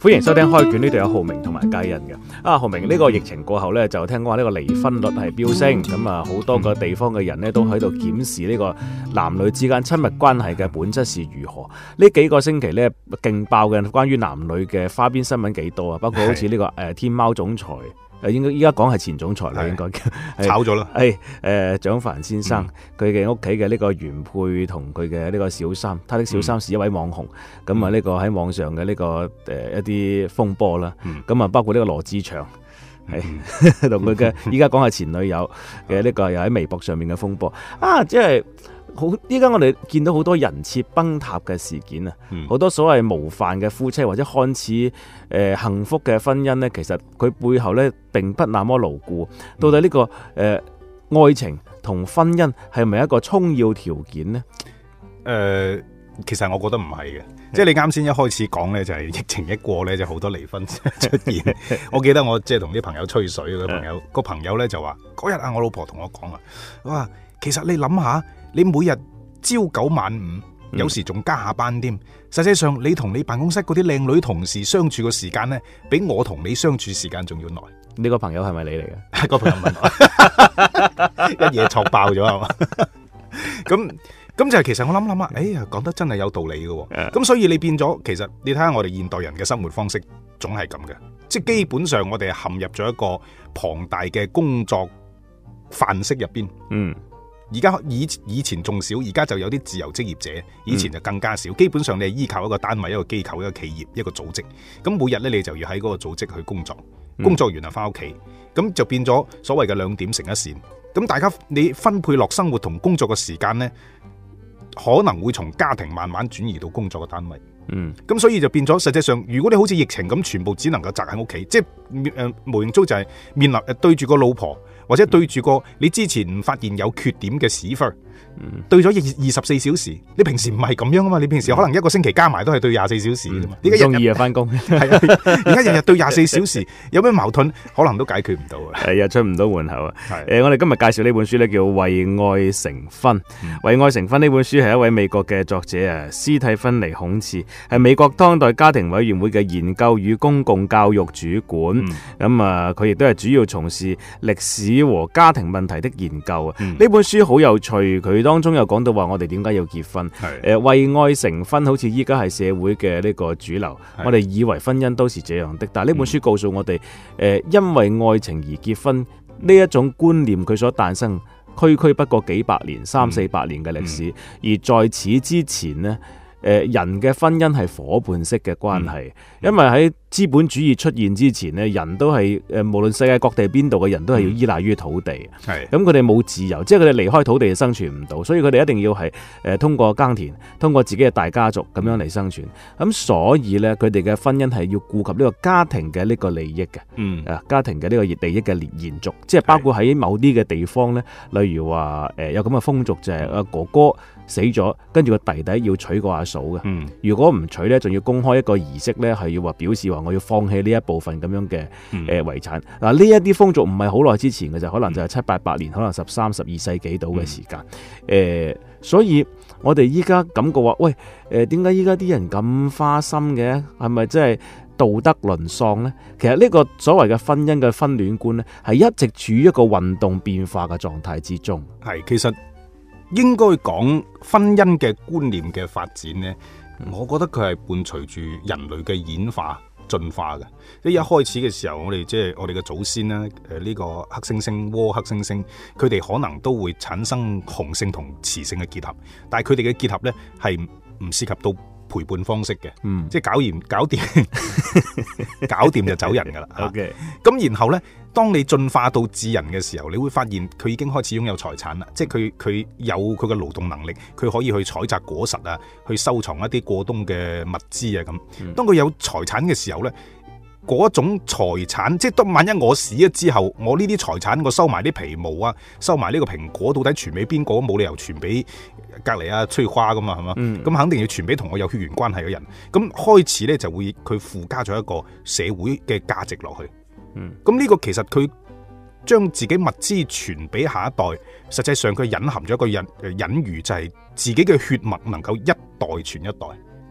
歡迎收聽開卷，呢度有浩明同埋佳人嘅。啊，浩明，呢個疫情過後呢，就聽講話呢個離婚率係飆升，咁啊，好多個地方嘅人呢，都喺度檢視呢個男女之間親密關係嘅本質是如何。呢幾個星期呢，勁爆嘅關於男女嘅花邊新聞幾多啊？包括好似呢個誒、呃、天貓總裁。誒應該依家講係前總裁啦，應該 炒咗啦。係誒、呃、蔣凡先生佢嘅屋企嘅呢個原配同佢嘅呢個小三，他的小三是一位網紅，咁啊呢個喺網上嘅呢、呢個誒、呃、一啲風波啦，咁、嗯、啊包括呢個羅志祥係同佢嘅，依家講係前女友嘅呢個又喺微博上面嘅風波、嗯、啊，即係。好，依家我哋見到好多人設崩塌嘅事件啊，好多所謂模範嘅夫妻或者看似誒幸福嘅婚姻咧,其實佢背後呢並不那麼牢固。到底呢、這個誒、呃、愛情同婚姻係咪一個充要條件呢？誒、呃，其實我覺得唔係嘅，即、就、係、是、你啱先一開始講呢，就係、是、疫情一過呢，就好多離婚出現。 我記得我即係同啲朋友吹水，個朋友個朋友咧就話嗰日啊，我老婆同我講啊，哇其實你諗下，你每日朝九晚五，有時仲加下班添。實際上，你同你辦公室嗰啲靚女同事相處嘅時間咧，比我同你相處時間仲要耐。你個朋友係咪你嚟嘅？個朋友問我一嘢戳爆咗係嘛？咁咁就係其實我諗諗啊，哎呀，講得真係有道理嘅。咁所以你變咗，其實你睇下我哋現代人嘅生活方式，總係咁嘅，即係基本上我哋陷入咗一個龐大嘅工作範式入邊。嗯。而家以以前仲少，而家就有啲自由職業者，以前就更加少。嗯、基本上你係依靠一個單位、一個機構、一個企業、一個組織，咁每日咧，你就要喺嗰個組織去工作，工作完啊翻屋企，咁就變咗所謂嘅兩點成一線，咁大家你分配落生活同工作嘅時間呢，可能會從家庭慢慢轉移到工作嘅單位。嗯，咁所以就變咗，實際上如果你好似疫情咁，全部只能夠宅喺屋企，即係誒、呃、無形中就係面臨誒，對住個老婆。或者對住個你之前唔發現有缺點嘅屎忽。嗯、對咗二二十四小時，你平時唔係咁樣啊嘛？你平時可能一個星期加埋都係對廿四小時噶嘛？而家日日翻工，係啊，而家、啊、 日日對廿四小時，有咩矛盾可能都解決唔到啊？係啊，出唔到門口啊？啊呃、我哋今日介紹呢本書呢，叫《為愛成婚》。嗯《為愛成婚》呢本書係一位美國嘅作者啊，斯蒂芬妮孔茨，係美國當代家庭委員會嘅研究與公共教育主管。咁、嗯嗯、啊，佢亦都係主要從事歷史和家庭問題的研究啊。呢、嗯、本書好有趣，佢。當中又講到話我哋點解要結婚？係誒，為愛成婚好似依家係社會嘅呢個主流。我哋以為婚姻都是這樣的，但係呢本書告訴我哋，誒、嗯呃，因為愛情而結婚呢、嗯、一種觀念，佢所誕生區區不過幾百年、嗯、三四百年嘅歷史。嗯、而在此之前呢，誒、呃，人嘅婚姻係夥伴式嘅關係，嗯、因為喺資本主義出現之前咧，人都係誒，無論世界各地邊度嘅人都係要依賴於土地。係、嗯、咁，佢哋冇自由，即係佢哋離開土地生存唔到，所以佢哋一定要係誒、呃、通過耕田，通過自己嘅大家族咁樣嚟生存。咁、嗯、所以咧，佢哋嘅婚姻係要顧及呢個家庭嘅呢個利益嘅。嗯，啊、家庭嘅呢個利益嘅延延續，即係包括喺某啲嘅地方咧，例如話誒、呃、有咁嘅風俗、就是，就係阿哥哥死咗，跟住個弟弟要娶個阿嫂嘅、嗯。如果唔娶咧，仲要公開一個儀式咧，係要話表示話。我要放棄呢一部分咁樣嘅誒遺產嗱，呢一啲風俗唔係好耐之前嘅，就，可能就係七八百年，嗯、可能十三、十二世紀到嘅時間誒、嗯呃，所以我哋依家感覺話「喂誒，點解依家啲人咁花心嘅？係咪真係道德淪喪呢？」其實呢個所謂嘅婚姻嘅婚戀觀呢，係一直處於一個運動變化嘅狀態之中。係，其實應該講婚姻嘅觀念嘅發展呢，我覺得佢係伴隨住人類嘅演化。進化嘅，即一開始嘅時候，我哋即係我哋嘅祖先咧，誒、呃、呢、這個黑猩猩、倭黑猩猩，佢哋可能都會產生雄性同雌性嘅結合，但係佢哋嘅結合咧係唔涉及到陪伴方式嘅，嗯，即係搞完搞掂，搞掂 就走人噶啦。 OK，咁、啊、然後咧。當你進化到智人嘅時候，你會發現佢已經開始擁有財產啦，即係佢佢有佢嘅勞動能力，佢可以去採摘果實啊，去收藏一啲過冬嘅物資啊咁。當佢有財產嘅時候呢，嗰種財產即係當萬一我死咗之後，我呢啲財產我收埋啲皮毛啊，收埋呢個蘋果，到底傳俾邊個？冇理由傳俾隔籬啊崔花噶嘛，係嘛？咁、嗯、肯定要傳俾同我有血緣關係嘅人。咁開始呢，就會佢附加咗一個社會嘅價值落去。嗯，咁呢個其實佢將自己物資傳俾下一代，實際上佢隱含咗一個隱隱喻就係自己嘅血脈能夠一代傳一代，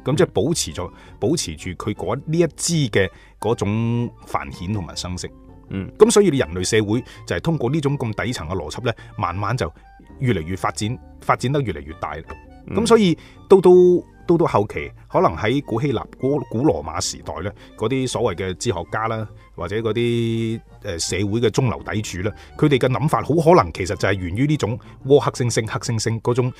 咁即係保持咗保持住佢嗰呢一支嘅嗰種繁衍同埋生息。嗯，咁所以你人類社會就係通過呢種咁底層嘅邏輯咧，慢慢就越嚟越發展，發展得越嚟越大。咁，嗯，所以到到到到後期，可能喺古希臘、古古羅馬時代咧，嗰啲所謂嘅哲學家啦。或者嗰啲誒社會嘅中流砥柱啦，佢哋嘅諗法好可能其實就係源於呢種喎黑猩猩、黑猩猩嗰種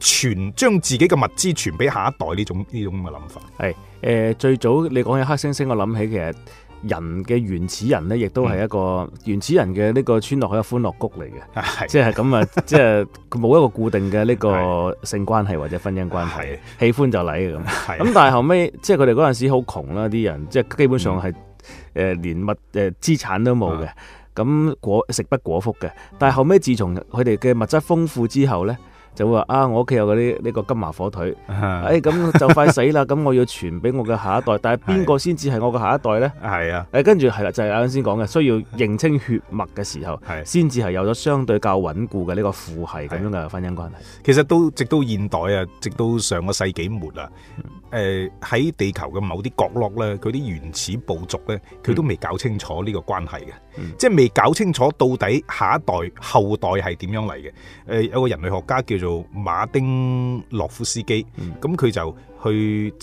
傳將自己嘅物資傳俾下一代呢種呢種嘅諗法。係誒、呃，最早你講起黑猩猩，我諗起其實人嘅原始人咧，亦都係一個原始人嘅呢個村落係一個歡樂谷嚟嘅、嗯，即係咁啊， 即係佢冇一個固定嘅呢個性關係或者婚姻關係，喜歡就嚟嘅咁。咁但係後尾，即係佢哋嗰陣時好窮啦，啲人即係基本上係、嗯。誒、呃，連物誒、呃、資產都冇嘅，咁果食不果腹嘅。但係後尾，自從佢哋嘅物質豐富之後咧，就會話啊，我屋企有嗰啲呢個金華火腿，誒、哎，咁就快死啦。咁 我要傳俾我嘅下一代，但係邊個先至係我嘅下一代咧？係啊，誒，跟住係啦，就係啱先講嘅，需要認清血脈嘅時候，先至係有咗相對較穩固嘅呢、這個父係咁樣嘅婚姻關係。其實都直到現代啊，直到上個世紀末啊。嗯誒、呃、喺地球嘅某啲角落咧，佢啲原始部族咧，佢、嗯、都未搞清楚呢個關係嘅、嗯，即係未搞清楚到底下一代後代係點樣嚟嘅。誒、呃、有個人類學家叫做馬丁洛夫斯基，咁、嗯、佢就去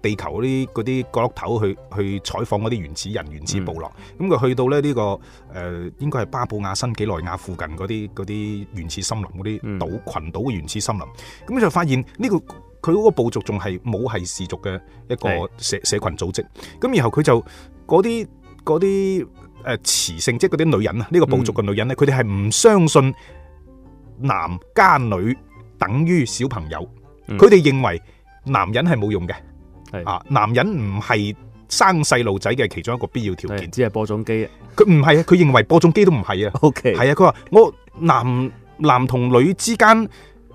地球啲嗰啲角落頭去去採訪嗰啲原始人、原始部落。咁、嗯、佢去到咧呢、這個誒、呃、應該係巴布亞新幾內亞附近嗰啲嗰啲原始森林嗰啲島群島嘅原始森林，咁、嗯、就發現呢、這個。佢嗰個部族仲係冇係氏族嘅一個社社群組織，咁然後佢就嗰啲嗰啲誒雌性，即係嗰啲女人啊，呢、這個部族嘅女人咧，佢哋係唔相信男加女等於小朋友，佢、嗯、哋認為男人係冇用嘅，啊男人唔係生細路仔嘅其中一個必要條件，只係播種機，佢唔係啊，佢認為播種機都唔係啊，係啊，佢話我男男同女之間。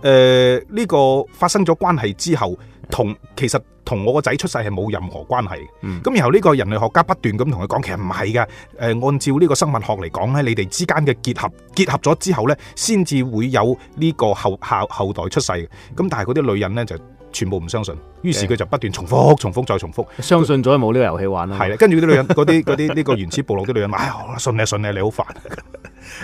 誒、呃，呢、這個發生咗關係之後，同其實同我個仔出世係冇任何關係嘅。咁、嗯、然後呢個人類學家不斷咁同佢講，其實唔係㗎。呃、誒，按照呢個生物學嚟講咧，你哋之間嘅結合結合咗之後咧，先至會有呢個後後後代出世嘅。咁但係嗰啲女人咧就全部唔相信，於是佢就不斷重複、重複，重複再重複。相信咗冇呢個遊戲玩啦。係啦，跟住啲女人、嗰啲嗰啲呢個原始部落啲女人話，我、哎、信你，信你，你好煩。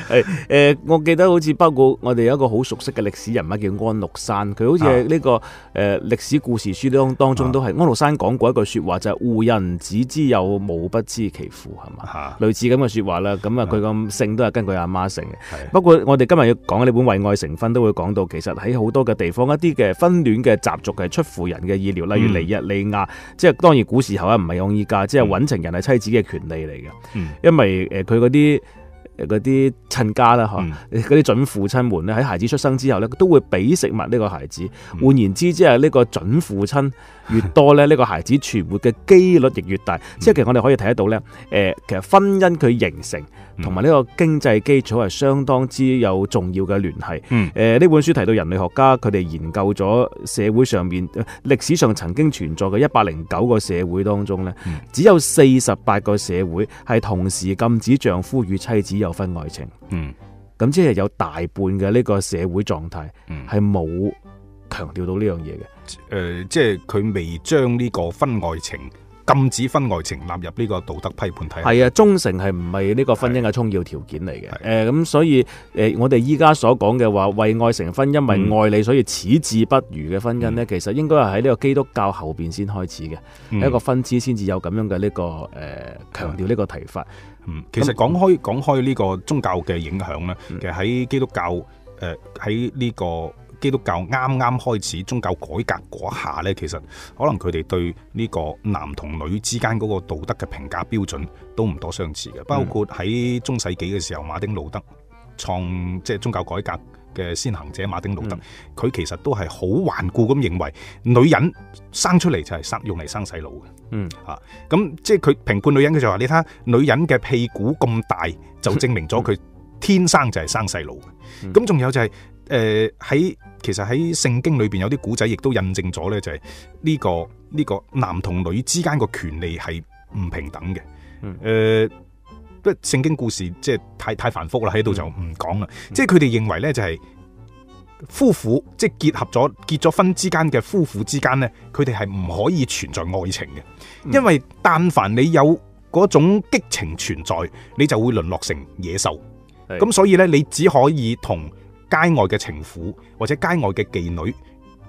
係 誒、呃，我記得好似包括我哋有一個好熟悉嘅歷史人物叫安祿山，佢好似係呢個誒歷、啊呃、史故事書當當中都係、啊、安祿山講過一句說話就係、是，胡人子之有母不知其父係嘛、啊，類似咁嘅說話啦。咁啊，佢個姓都係跟佢阿媽姓嘅。不過我哋今日要講呢本為愛成婚都會講到，其實喺好多嘅地方一啲嘅婚戀嘅習俗係出乎人嘅意料，例如尼日利亞、嗯，即係當然古時候啊唔係用依家，即係揾情人係妻子嘅權利嚟嘅、嗯，因為誒佢嗰啲。呃嗰啲親家啦，嗬！嗰啲準父親們咧，喺孩子出生之後咧，都會俾食物呢個孩子。換言之，即係呢個準父親越多咧，呢、呢個孩子存活嘅機率亦越大。嗯、即係其實我哋可以睇得到咧，誒，其實婚姻佢形成同埋呢個經濟基礎係相當之有重要嘅聯繫。誒、嗯呃，呢本書提到人類學家佢哋研究咗社會上面歷史上曾經存在嘅一百零九個社會當中咧，只有四十八個社會係同時禁止丈夫與妻子有有婚外情，嗯，咁即係有大半嘅呢個社會狀態，係冇強調到呢樣嘢嘅，誒、嗯呃，即係佢未將呢個婚外情。禁止婚外情納入呢個道德批判體系。係啊，忠誠係唔係呢個婚姻嘅充要條件嚟嘅。誒，咁、呃、所以誒、呃，我哋依家所講嘅話，為愛成婚，因為愛你，所以矢志不渝嘅婚姻呢，嗯、其實應該係喺呢個基督教後邊先開始嘅、嗯、一個分支、這個，先至有咁樣嘅呢個誒強調呢個提法。嗯、其實講開講開呢個宗教嘅影響呢、嗯，其實喺基督教誒喺呢個。基督教啱啱開始宗教改革嗰下呢，其實可能佢哋對呢個男同女之間嗰個道德嘅評價標準都唔多相似嘅。包括喺中世紀嘅時候、嗯，馬丁路德創，即係宗教改革嘅先行者馬丁路德，佢、嗯、其實都係好頑固咁認為，女人生出嚟就係生用嚟生細路嘅。嗯、吓、啊、咁即係佢評判女人，佢就話你睇下，女人嘅屁股咁大，就證明咗佢天生就係生細路嘅。咁、嗯、仲有就係、是。誒、呃，喺其實喺聖經裏邊有啲古仔，亦都印證咗咧、這個，就係呢個呢個男同女之間個權利係唔平等嘅。誒、嗯呃，聖經故事即係太太繁複啦，喺度就唔講啦、嗯。即係佢哋認為呢、嗯，就係夫婦即係結合咗結咗婚之間嘅夫婦之間呢，佢哋係唔可以存在愛情嘅、嗯，因為但凡你有嗰種激情存在，你就會淪落成野獸。咁所以呢，你只可以同街外嘅情婦或者街外嘅妓女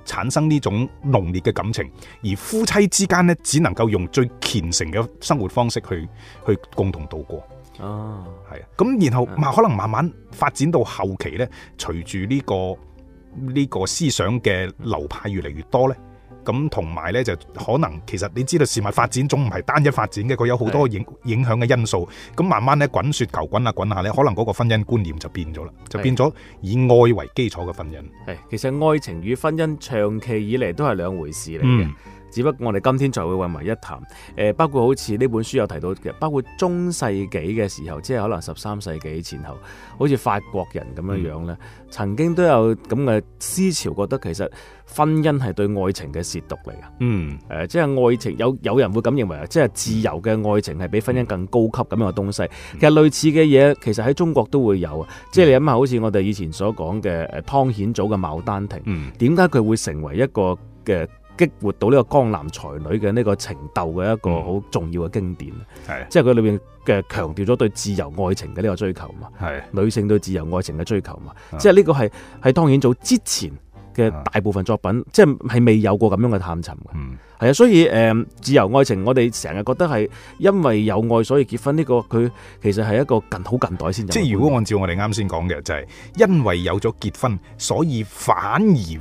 產生呢種濃烈嘅感情，而夫妻之間咧只能夠用最虔誠嘅生活方式去去共同度過。哦，係啊，咁然後，可能慢慢發展到後期咧，隨住呢個呢個思想嘅流派越嚟越多咧。咁同埋咧，就可能其實你知道事物發展總唔係單一發展嘅，佢有好多影影響嘅因素。咁慢慢咧滾雪球滾下滾下咧，可能嗰個婚姻觀念就變咗啦，就變咗以愛為基礎嘅婚姻。係，其實愛情與婚姻長期以嚟都係兩回事嚟嘅。嗯只不過我哋今天才會混為一談，呃、包括好似呢本書有提到嘅，包括中世紀嘅時候，即係可能十三世紀前後，好似法國人咁樣樣咧、嗯，曾經都有咁嘅思潮，覺得其實婚姻係對愛情嘅褻瀆嚟嘅。嗯，呃、即係愛情有有人會咁認為啊，即係自由嘅愛情係比婚姻更高級咁樣嘅東西。其實類似嘅嘢其實喺中國都會有啊，即係你諗下，好似我哋以前所講嘅誒湯顯祖嘅《牡丹亭》，點解佢會成為一個嘅？激活到呢個江南才女嘅呢個情斗嘅一個好重要嘅經典，係、嗯、即係佢裏邊嘅強調咗對自由愛情嘅呢個追求嘛，係、嗯、女性對自由愛情嘅追求嘛、嗯，即係呢個係喺湯顯祖之前嘅大部分作品，嗯、即係係未有過咁樣嘅探尋嘅，係、嗯、啊，所以誒、呃、自由愛情我哋成日覺得係因為有愛所以結婚呢、這個佢其實係一個近好近代先，有。即係如果按照我哋啱先講嘅就係、是、因為有咗結婚，所以反而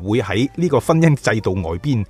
會喺呢個婚姻制度外邊。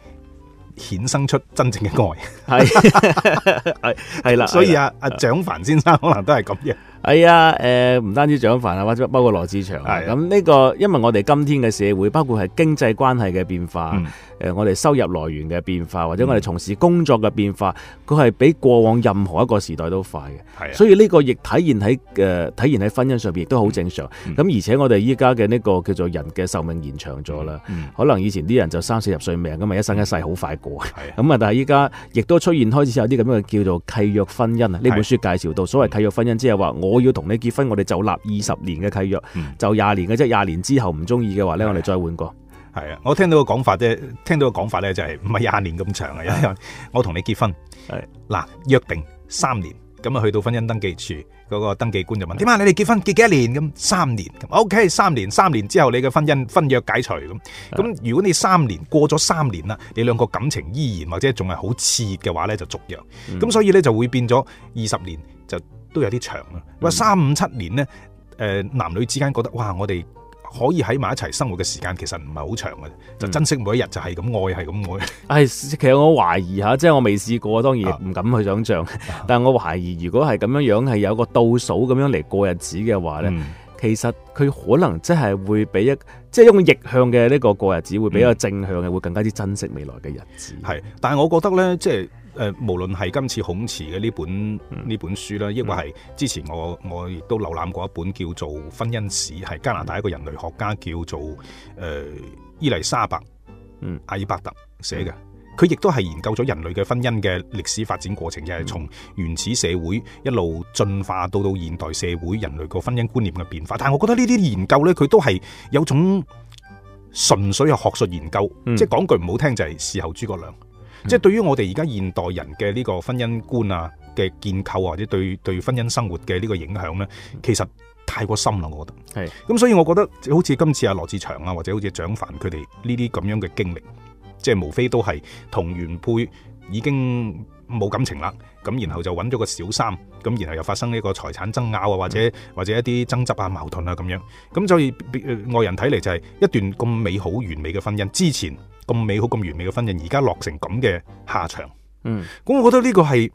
衍生出真正嘅愛 是，係係啦，所以阿、啊、阿、 啊啊、蔣凡先生可能都係咁嘅。哎呀，誒、呃，唔單止蔣凡啊，或者包括羅志祥啊，咁呢、這個，因為我哋今天嘅社會，包括係經濟關係嘅變化，誒、嗯呃，我哋收入來源嘅變化，或者我哋從事工作嘅變化，佢係比過往任何一個時代都快嘅，所以呢個亦體現喺，誒、呃，體現喺婚姻上邊亦都好正常，咁、嗯、而且我哋依家嘅呢個叫做人嘅壽命延長咗啦、嗯，可能以前啲人就三四十歲命，咁咪一生一世好快過，咁啊，但係依家亦都出現開始有啲咁樣嘅叫做契約婚姻啊，呢本書介紹到所謂契約婚姻，即係話我。我要同你結婚，我哋就立二十年嘅契約，嗯、就廿年嘅啫。廿年之後唔中意嘅話咧，我哋再換過。係啊，我聽到個講法啫，聽到個講法咧，就係唔係廿年咁長啊。因為我同你結婚，係嗱，約定三年，咁啊去到婚姻登記處嗰、嗰個登記官就問：點解你哋結婚結幾年？咁三年，OK，三年，三、OK，年，年之後你嘅婚姻婚約解除咁。咁如果你三年過咗三年啦，你兩個感情依然或者仲係好熾熱嘅話咧，就續約。咁、嗯、所以咧就會變咗二十年就。都有啲長啦，話三五七年呢，誒，男女之間覺得哇，我哋可以喺埋一齊生活嘅時間其實唔係好長嘅，就珍惜每一日，就係咁愛，係咁愛。係、嗯、其實我懷疑吓，即係我未試過，當然唔敢去想象、啊。但係我懷疑，如果係咁樣樣係有個倒數咁樣嚟過日子嘅話呢、嗯，其實佢可能即係會比一，即係用逆向嘅呢個過日子會比較正向嘅、嗯，會更加之珍惜未來嘅日子。係，但係我覺得呢，即係。誒、呃，無論係今次孔茨嘅呢本呢、嗯、本書啦，抑或係之前我我亦都瀏覽過一本叫做《婚姻史》，係加拿大一個人類學家叫做誒、呃、伊麗莎白阿爾伯特寫嘅。佢亦都係研究咗人類嘅婚姻嘅歷史發展過程，亦係從原始社會一路進化到到現代社會，人類個婚姻觀念嘅變化。但係我覺得呢啲研究呢，佢都係有種純粹嘅學術研究，即係講句唔好聽就係、是、事後諸葛亮。即係對於我哋而家現代人嘅呢個婚姻觀啊嘅建構、啊，或者對對婚姻生活嘅呢個影響咧，其實太過深啦，我覺得。係，咁所以我覺得好似今次阿、啊、羅志祥啊，或者好似蔣凡佢哋呢啲咁樣嘅經歷，即係無非都係同原配已經冇感情啦，咁然後就揾咗個小三，咁然後又發生呢個財產爭拗啊、嗯，或者或者一啲爭執啊、矛盾啊咁樣，咁所以、呃、外人睇嚟就係一段咁美好完美嘅婚姻之前。咁美好咁完美嘅婚姻，而家落成咁嘅下場。嗯，咁我覺得呢個係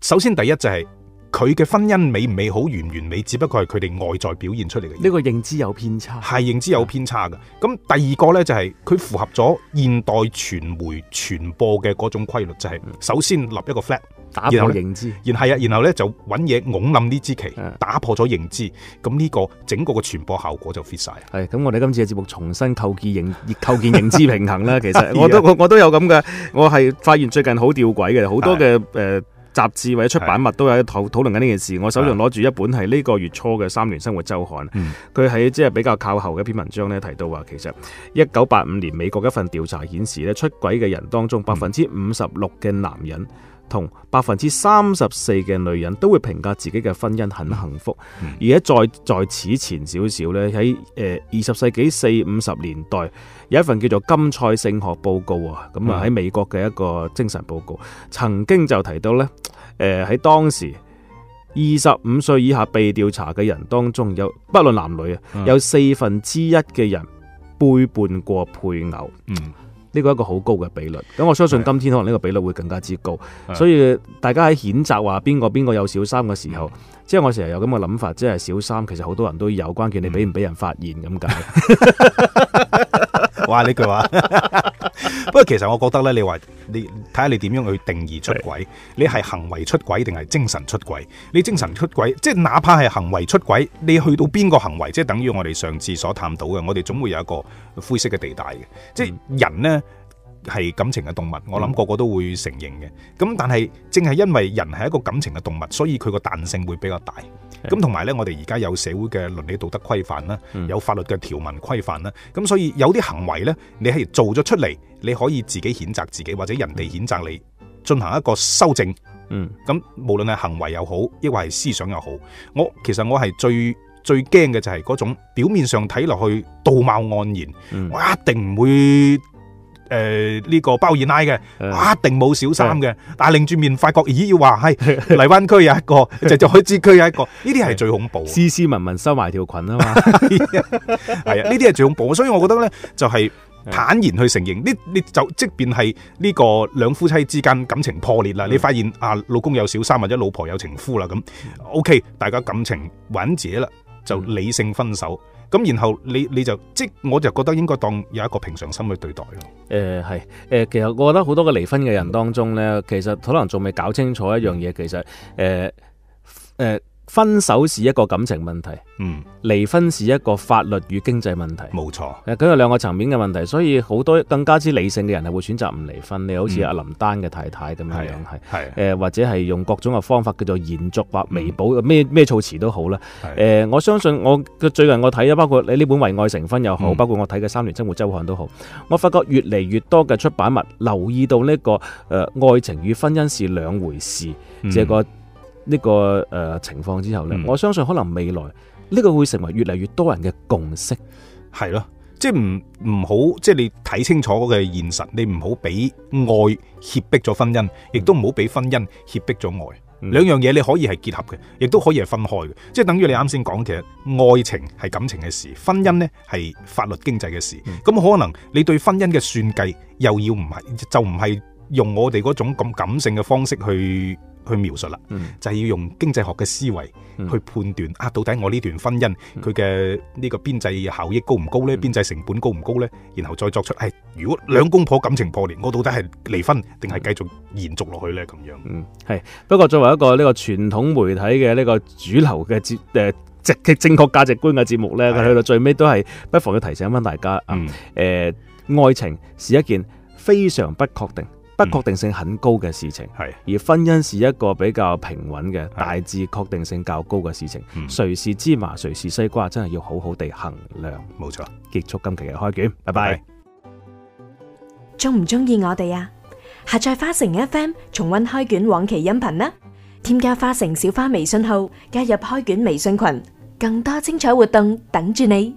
首先第一就係佢嘅婚姻美唔美好完唔完美，只不過係佢哋外在表現出嚟嘅，呢、呢個認知有偏差，係認知有偏差噶。咁、嗯、第二個呢、就係，就係佢符合咗現代傳媒傳播嘅嗰種規律，就係、係、首先立一個 flat。打破認知，然係啊，然後咧就揾嘢，拱冧呢支旗，打破咗認知，咁呢個整個嘅傳播效果就 fit 晒。係咁，我哋今次嘅節目重新構建認，構建認知平衡啦。其實 我都我，我都有咁嘅。我係發現最近好吊詭嘅，好多嘅誒、啊呃、雜誌或者出版物都有喺討討論緊呢件事、啊。我手上攞住一本係呢個月初嘅《三聯生活周刊》是啊，佢喺即係比較靠後嘅一篇文章咧，提到話、嗯，其實一九八五年美國一份調查顯示咧，出軌嘅人當中百分之五十六嘅男人。同百分之三十四嘅女人都會評價自己嘅婚姻很幸福，嗯、而且在在此前少少咧，喺誒二十世紀四五十年代，有一份叫做《金賽性學報告》啊，咁啊喺美國嘅一個精神報告，嗯、曾經就提到咧，誒喺當時二十五歲以下被調查嘅人當中，有不論男女啊，有四分之一嘅人背叛過配偶。嗯呢個一個好高嘅比率，咁我相信今天可能呢個比率會更加之高，所以大家喺譴責話邊個邊個有小三嘅時候，即係我成日有咁嘅諗法，即係小三其實好多人都有，關鍵你俾唔俾人發現咁解。哇！呢句話， 不過其實我覺得咧，你話你睇下你點樣去定義出軌？你係行為出軌定係精神出軌？你精神出軌，即係哪怕係行為出軌，你去到邊個行為，即係等於我哋上次所探討嘅，我哋總會有一個灰色嘅地帶嘅，即係人呢，嗯係感情嘅動物，我諗個個都會承認嘅。咁但係正係因為人係一個感情嘅動物，所以佢個彈性會比較大。咁同埋呢，我哋而家有社會嘅倫理道德規範啦、嗯，有法律嘅條文規範啦。咁所以有啲行為呢，你係做咗出嚟，你可以自己譴責自己，或者人哋譴責你，進行一個修正。嗯，咁無論係行為又好，亦或係思想又好，我其實我係最最驚嘅就係嗰種表面上睇落去道貌岸然，嗯、我一定唔會。誒、呃，呢、這個包二奶嘅，一、啊、定冇小三嘅，但係擰住面發覺咦，要話係荔灣區有一個， 就就海珠區有一個，呢啲係最恐怖，斯斯文文收埋條裙啊嘛，係啊，呢啲係最恐怖，所以我覺得咧，就係、是、坦然去承認，呢你就即便係呢個兩夫妻之間感情破裂啦，你發現啊老公有小三或者老婆有情夫啦，咁 OK，大家感情患者啦，就理性分手。咁然後你你就即我就覺得應該當有一個平常心去對待咯。誒、呃、係、呃、其實我覺得好多個離婚嘅人當中咧，其實可能仲未搞清楚一樣嘢，其實誒誒。呃呃分手是一個感情問題，嗯，離婚是一個法律與經濟問題，冇錯。其實佢有兩個層面嘅問題，所以好多更加之理性嘅人係會選擇唔離婚、嗯。你好似阿林丹嘅太太咁樣樣、呃、或者係用各種嘅方法叫做延續或彌補咩咩措辭都好啦、呃。我相信我最近我睇咗，包括你呢本《為愛成婚》又好、嗯，包括我睇嘅《三聯生活周刊》都好，我發覺越嚟越多嘅出版物留意到呢、這個誒、呃、愛情與婚姻是兩回事，嗯這個呢、這個誒情況之後呢、嗯，我相信可能未來呢、這個會成為越嚟越多人嘅共識，係咯，即係唔唔好，即係你睇清楚個現實，你唔好俾愛脅迫咗婚姻，亦都唔好俾婚姻脅迫咗愛、嗯。兩樣嘢你可以係結合嘅，亦都可以係分開嘅，即係等於你啱先講嘅愛情係感情嘅事，婚姻呢係法律經濟嘅事，咁、嗯、可能你對婚姻嘅算計又要唔係就唔係。用我哋嗰種咁感性嘅方式去去描述啦，就係要用經濟學嘅思維去判斷啊。到底我呢段婚姻佢嘅呢個邊際效益高唔高咧？邊際成本高唔高咧？然後再作出，誒，如果兩公婆感情破裂，我到底係離婚定係繼續延續落去咧？咁樣，嗯，係。不過作爲一個呢個傳統媒體嘅呢個主流嘅節誒，即係正確價值觀嘅節目咧，佢去到最尾都係不妨要提醒翻大家啊。誒，愛情是一件非常不確定。不確定性很高嘅事情，係、嗯、而婚姻是一個比較平穩嘅、大致確定性較高嘅事情。誰、嗯、是芝麻，誰是西瓜，真係要好好地衡量。冇錯，結束今期嘅開卷，拜拜。中唔中意我哋啊？下載花城 FM 重温開卷往期音頻啦！添加花城小花微信號，加入開卷微信群，更多精彩活動等住你。